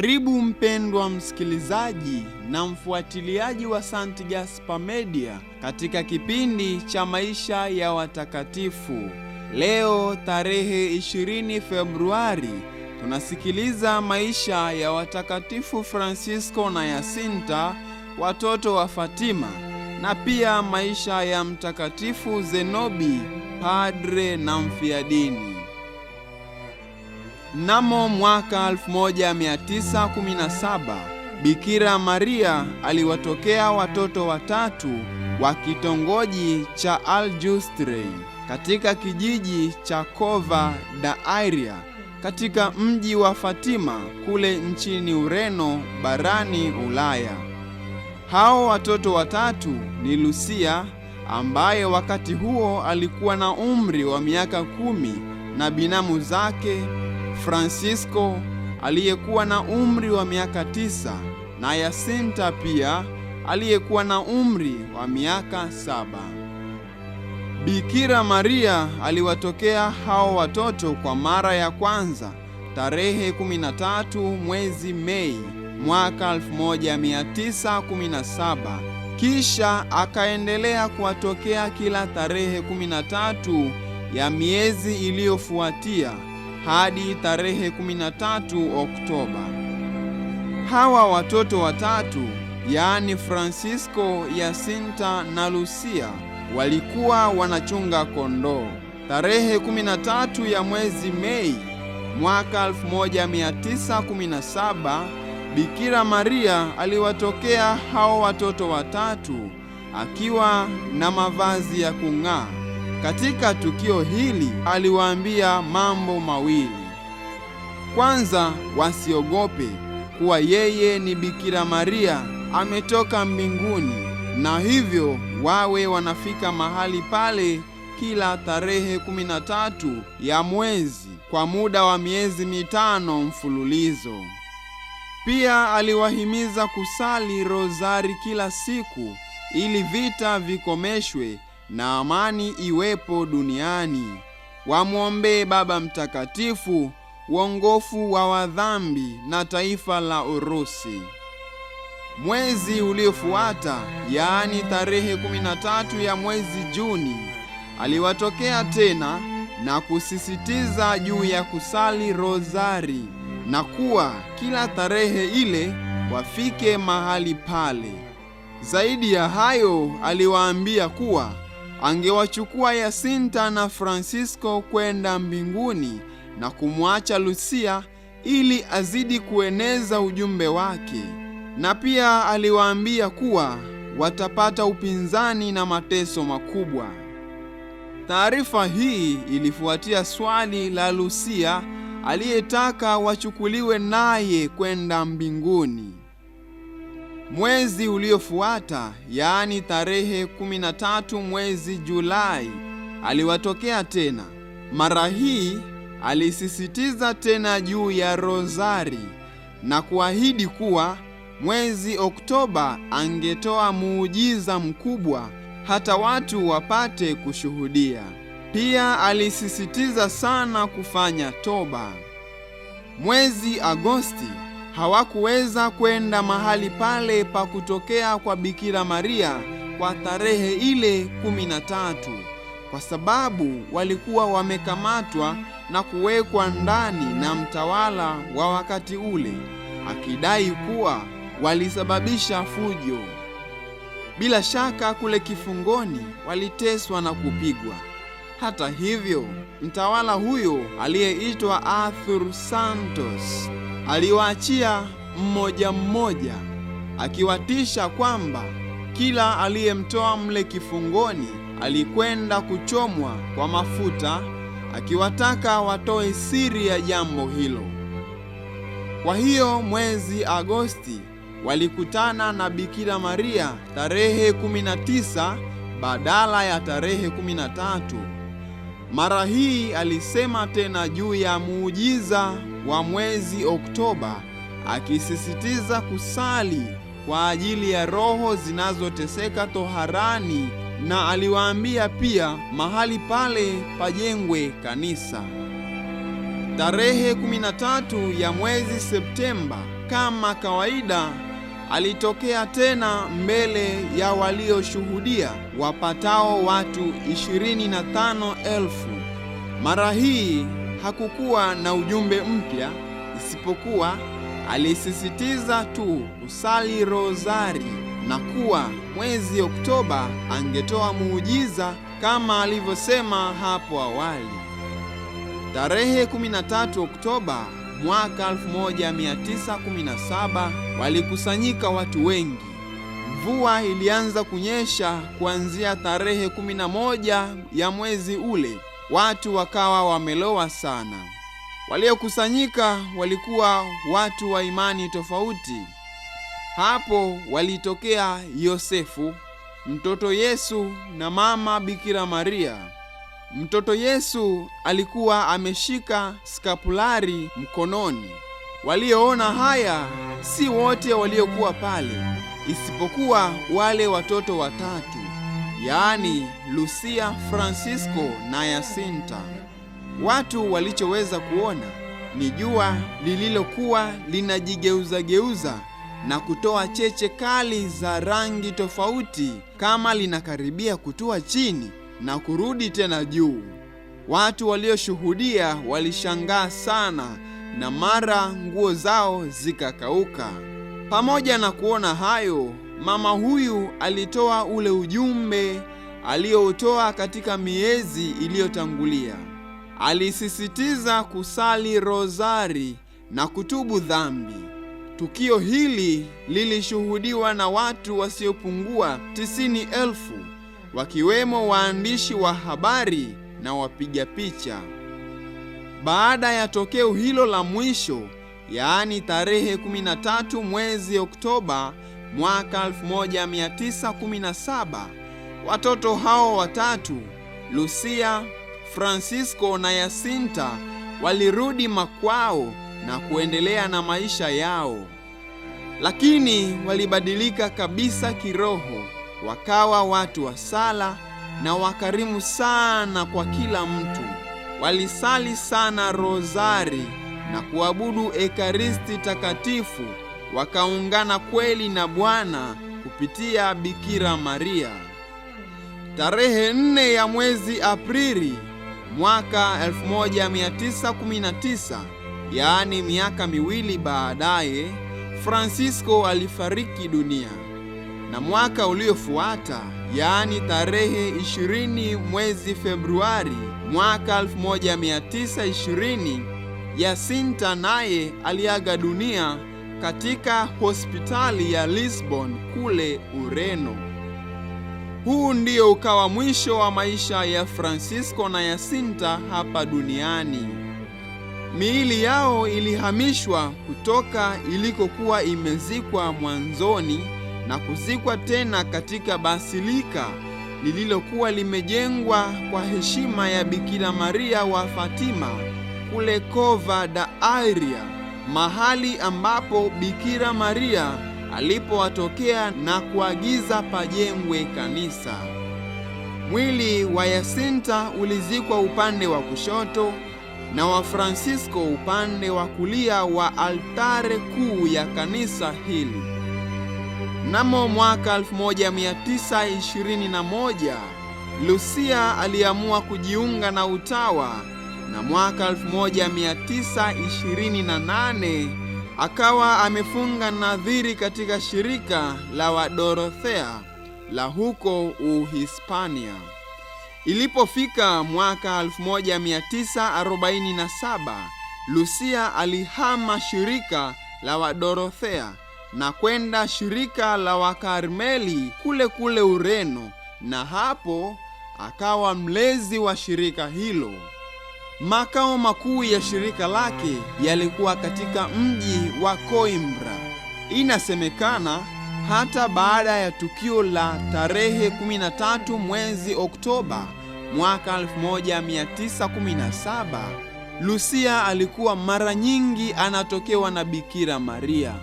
Karibu mpendwa msikilizaji na mfuatiliaji wa St. Gaspar Media katika kipindi cha maisha ya watakatifu. Leo tarehe 20 Februari tunasikiliza maisha ya watakatifu Francisco na Yasinta, watoto wa Fatima, na pia maisha ya mtakatifu Zenobi, padre na mfiadini. Mnamo mwaka 1917 Bikira Maria aliwatokea watoto watatu wa kitongoji cha Aljustre katika kijiji cha kova da Iria katika mji wa Fatima kule nchini Ureno barani Ulaya. Hao watoto watatu ni Lucia ambaye wakati huo alikuwa na umri wa miaka kumi na binamu zake Francisco aliyekuwa na umri wa miaka tisa na Yasinta pia aliyekuwa na umri wa miaka saba. Bikira Maria aliwatokea hao watoto kwa mara ya kwanza tarehe 13 mwezi Mei mwaka 1917, kisha akaendelea kuwatokea kila tarehe 13 ya miezi iliyofuatia hadi tarehe 13 Oktoba. Hawa watoto watatu yaani Francisco, Yasinta na Lucia walikuwa wanachunga kondoo. Tarehe 13 ya mwezi Mei mwaka 1917 Bikira Maria aliwatokea hao watoto watatu akiwa na mavazi ya kung'aa. Katika tukio hili aliwaambia mambo mawili. Kwanza, wasiogope kuwa yeye ni Bikira Maria ametoka mbinguni, na hivyo wawe wanafika mahali pale kila tarehe 13 ya mwezi kwa muda wa miezi mitano mfululizo. Pia aliwahimiza kusali rozari kila siku ili vita vikomeshwe na amani iwepo duniani. Wamwombee Baba Mtakatifu uongofu wa wadhambi na taifa la Urusi. Mwezi uliofuata, yaani tarehe 13 ya mwezi Juni, aliwatokea tena na kusisitiza juu ya kusali rozari na kuwa kila tarehe ile wafike mahali pale. Zaidi ya hayo, aliwaambia kuwa angewachukua Yasinta na Fransisko kwenda mbinguni na kumwacha Lusia ili azidi kueneza ujumbe wake. Na pia aliwaambia kuwa watapata upinzani na mateso makubwa. Taarifa hii ilifuatia swali la Lusia aliyetaka wachukuliwe naye kwenda mbinguni. Mwezi uliofuata, yaani tarehe 13 mwezi Julai, aliwatokea tena. Mara hii alisisitiza tena juu ya rozari na kuahidi kuwa mwezi Oktoba angetoa muujiza mkubwa hata watu wapate kushuhudia. Pia alisisitiza sana kufanya toba. Mwezi Agosti hawakuweza kwenda mahali pale pa kutokea kwa Bikira Maria kwa tarehe ile kumi na tatu kwa sababu walikuwa wamekamatwa na kuwekwa ndani na mtawala wa wakati ule akidai kuwa walisababisha fujo. Bila shaka kule kifungoni waliteswa na kupigwa. Hata hivyo, mtawala huyo aliyeitwa Arthur Santos aliwaachia mmoja mmoja, akiwatisha kwamba kila aliyemtoa mle kifungoni alikwenda kuchomwa kwa mafuta, akiwataka watoe siri ya jambo hilo. Kwa hiyo mwezi Agosti walikutana na Bikira Maria tarehe 19 badala ya tarehe 13. Mara hii alisema tena juu ya muujiza wa mwezi Oktoba akisisitiza kusali kwa ajili ya roho zinazoteseka toharani na aliwaambia pia mahali pale pajengwe kanisa. Tarehe 13 ya mwezi Septemba, kama kawaida, alitokea tena mbele ya walioshuhudia wapatao watu 25,000. Mara hii hakukuwa na ujumbe mpya isipokuwa alisisitiza tu kusali rozari na kuwa mwezi Oktoba angetoa muujiza kama alivyosema hapo awali. Tarehe 13 Oktoba mwaka 1917 walikusanyika watu wengi. Mvua ilianza kunyesha kuanzia tarehe 11 ya mwezi ule watu wakawa wamelowa sana. Waliokusanyika walikuwa watu wa imani tofauti. Hapo walitokea Yosefu, mtoto Yesu na mama Bikira Maria. Mtoto Yesu alikuwa ameshika skapulari mkononi. Walioona haya si wote waliokuwa pale, isipokuwa wale watoto watatu yaani Lucia Francisco na Yasinta. Watu walichoweza kuona ni jua lililokuwa linajigeuzageuza na kutoa cheche kali za rangi tofauti kama linakaribia kutua chini na kurudi tena juu. Watu walioshuhudia walishangaa sana na mara nguo zao zikakauka. Pamoja na kuona hayo, mama huyu alitoa ule ujumbe aliyoutoa katika miezi iliyotangulia. Alisisitiza kusali rozari na kutubu dhambi. Tukio hili lilishuhudiwa na watu wasiopungua tisini elfu wakiwemo waandishi wa habari na wapiga picha. Baada ya tokeo hilo la mwisho, yaani tarehe 13 mwezi Oktoba mwaka 1917 watoto hao watatu Lucia, Francisco na Yasinta walirudi makwao na kuendelea na maisha yao, lakini walibadilika kabisa kiroho, wakawa watu wa sala na wakarimu sana kwa kila mtu. Walisali sana rozari na kuabudu Ekaristi takatifu wakaungana kweli na Bwana kupitia Bikira Maria. Tarehe nne ya mwezi Aprili mwaka 1919, yaani miaka miwili baadaye, Francisco alifariki dunia, na mwaka uliofuata, yaani tarehe 20 mwezi Februari mwaka 1920, Yasinta naye aliaga dunia katika hospitali ya Lisbon kule Ureno. Huu ndio ukawa mwisho wa maisha ya Fransisko na Yasinta hapa duniani. Miili yao ilihamishwa kutoka ilikokuwa imezikwa mwanzoni na kuzikwa tena katika basilika lililokuwa limejengwa kwa heshima ya Bikira Maria wa Fatima kule Cova da Iria mahali ambapo Bikira Maria alipowatokea na kuagiza pajengwe kanisa. Mwili wa Yasinta ulizikwa upande wa kushoto na wa Fransisko upande wa kulia wa altare kuu ya kanisa hili. Mnamo mwaka 1921 Lucia aliamua kujiunga na utawa na mwaka 1928 akawa amefunga nadhiri katika shirika la Wadorothea la huko Uhispania. Ilipofika mwaka 1947, Lucia alihama shirika la Wadorothea na kwenda shirika la Wakarmeli kule kule Ureno, na hapo akawa mlezi wa shirika hilo. Makao makuu ya shirika lake yalikuwa katika mji wa Coimbra. Inasemekana hata baada ya tukio la tarehe 13 mwezi Oktoba mwaka 1917, Lucia alikuwa mara nyingi anatokewa na Bikira Maria.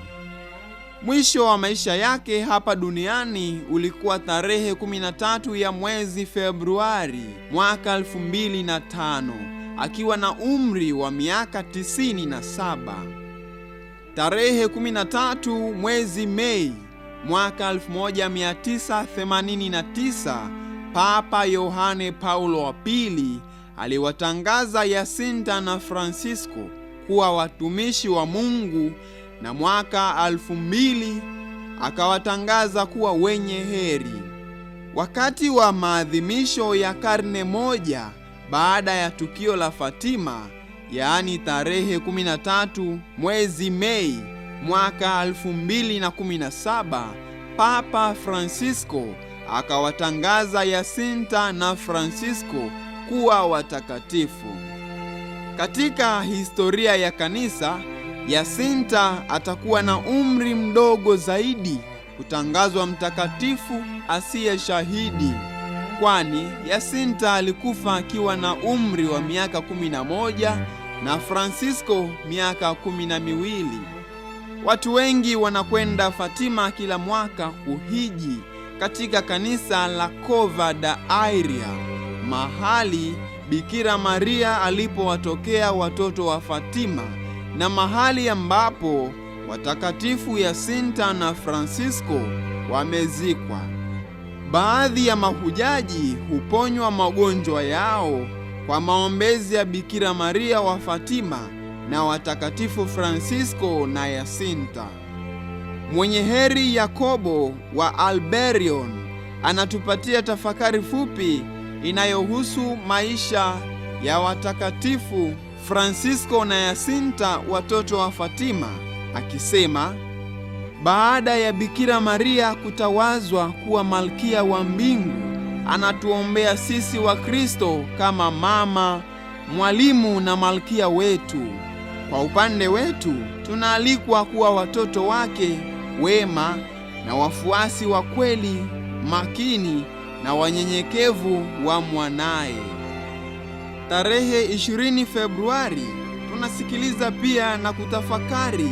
Mwisho wa maisha yake hapa duniani ulikuwa tarehe 13 ya mwezi Februari mwaka 2005 akiwa na umri wa miaka 97 tarehe 13 mwezi Mei mwaka 1989 Papa Yohane Paulo wa Pili aliwatangaza Yasinta na Francisco kuwa watumishi wa Mungu na mwaka 2000 akawatangaza kuwa wenye heri. Wakati wa maadhimisho ya karne moja baada ya tukio la Fatima, yaani tarehe 13 mwezi Mei mwaka 2017, Papa Francisco akawatangaza Yasinta na Francisco kuwa watakatifu. Katika historia ya kanisa, Yasinta atakuwa na umri mdogo zaidi kutangazwa mtakatifu asiye shahidi kwani Yasinta alikufa akiwa na umri wa miaka kumi na moja na Fransisko miaka kumi na miwili. Watu wengi wanakwenda Fatima kila mwaka kuhiji katika kanisa la Cova da Iria, mahali Bikira Maria alipowatokea watoto wa Fatima na mahali ambapo watakatifu Yasinta na Fransisko wamezikwa. Baadhi ya mahujaji huponywa magonjwa yao kwa maombezi ya Bikira Maria wa Fatima na watakatifu Francisco na Yasinta. Mwenye heri Yakobo wa Alberion anatupatia tafakari fupi inayohusu maisha ya watakatifu Francisco na Yasinta watoto wa Fatima akisema: baada ya Bikira Maria kutawazwa kuwa malkia wa mbingu, anatuombea sisi wa Kristo kama mama, mwalimu na malkia wetu. Kwa upande wetu, tunaalikwa kuwa watoto wake wema na wafuasi wa kweli, makini na wanyenyekevu wa mwanaye. Tarehe 20 Februari tunasikiliza pia na kutafakari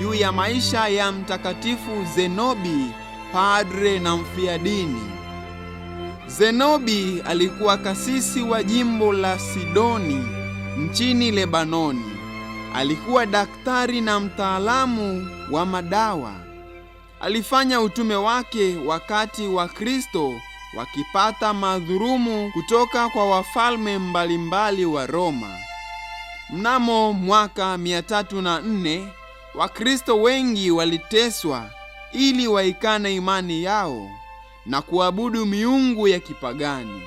juu ya maisha ya Mtakatifu Zenobi, padre na mfiadini. Zenobi alikuwa kasisi wa jimbo la Sidoni nchini Lebanoni. Alikuwa daktari na mtaalamu wa madawa. Alifanya utume wake wakati wa kristo wakipata madhulumu kutoka kwa wafalme mbalimbali wa Roma. Mnamo mwaka Wakristo wengi waliteswa ili waikane imani yao na kuabudu miungu ya kipagani.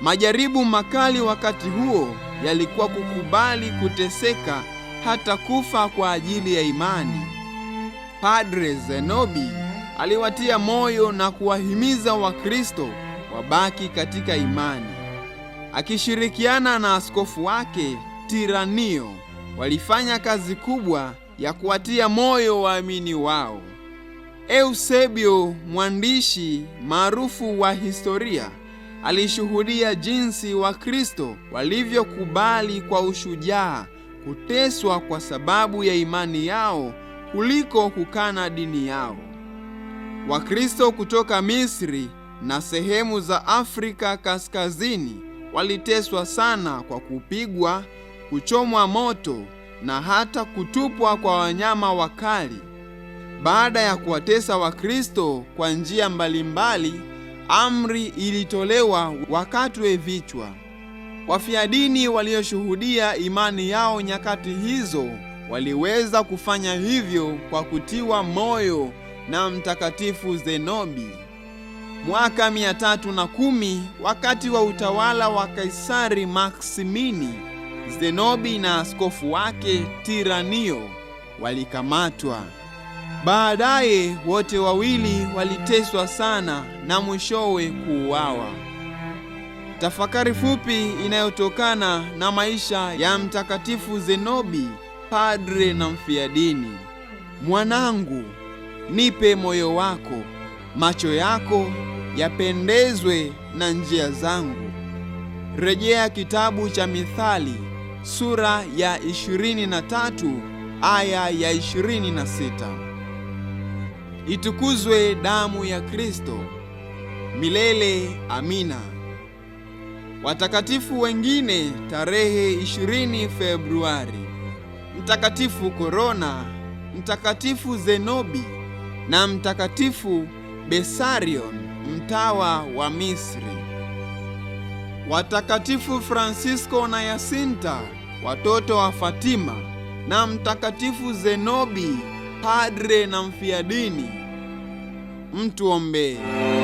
Majaribu makali wakati huo yalikuwa kukubali kuteseka hata kufa kwa ajili ya imani. Padre Zenobi aliwatia moyo na kuwahimiza Wakristo wabaki katika imani. Akishirikiana na askofu wake Tiranio, walifanya kazi kubwa ya kuwatia moyo waamini wao. Eusebio, mwandishi maarufu wa historia, alishuhudia jinsi Wakristo walivyokubali kwa ushujaa kuteswa kwa sababu ya imani yao kuliko kukana dini yao. Wakristo kutoka Misri na sehemu za Afrika kaskazini waliteswa sana kwa kupigwa, kuchomwa moto na hata kutupwa kwa wanyama wakali baada ya kuwatesa Wakristo kwa njia mbalimbali. Amri ilitolewa wakatwe vichwa. Wafia dini walioshuhudia imani yao nyakati hizo waliweza kufanya hivyo kwa kutiwa moyo na Mtakatifu Zenobi. Mwaka 310 wakati wa utawala wa Kaisari Maksimini Zenobi na askofu wake Tiranio walikamatwa. Baadaye wote wawili waliteswa sana na mwishowe kuuawa. Tafakari fupi inayotokana na maisha ya Mtakatifu Zenobi, padre na mfiadini. Mwanangu, nipe moyo wako, macho yako yapendezwe na njia zangu. Rejea kitabu cha Mithali sura ya 23 aya ya 26. Itukuzwe damu ya Kristo! Milele amina. Watakatifu wengine tarehe 20 Februari: Mtakatifu Korona, Mtakatifu Zenobi na Mtakatifu Besarion, mtawa wa Misri watakatifu Fransisko na Yasinta watoto wa Fatima na mtakatifu Zenobi padre na mfiadini. Mtuombee.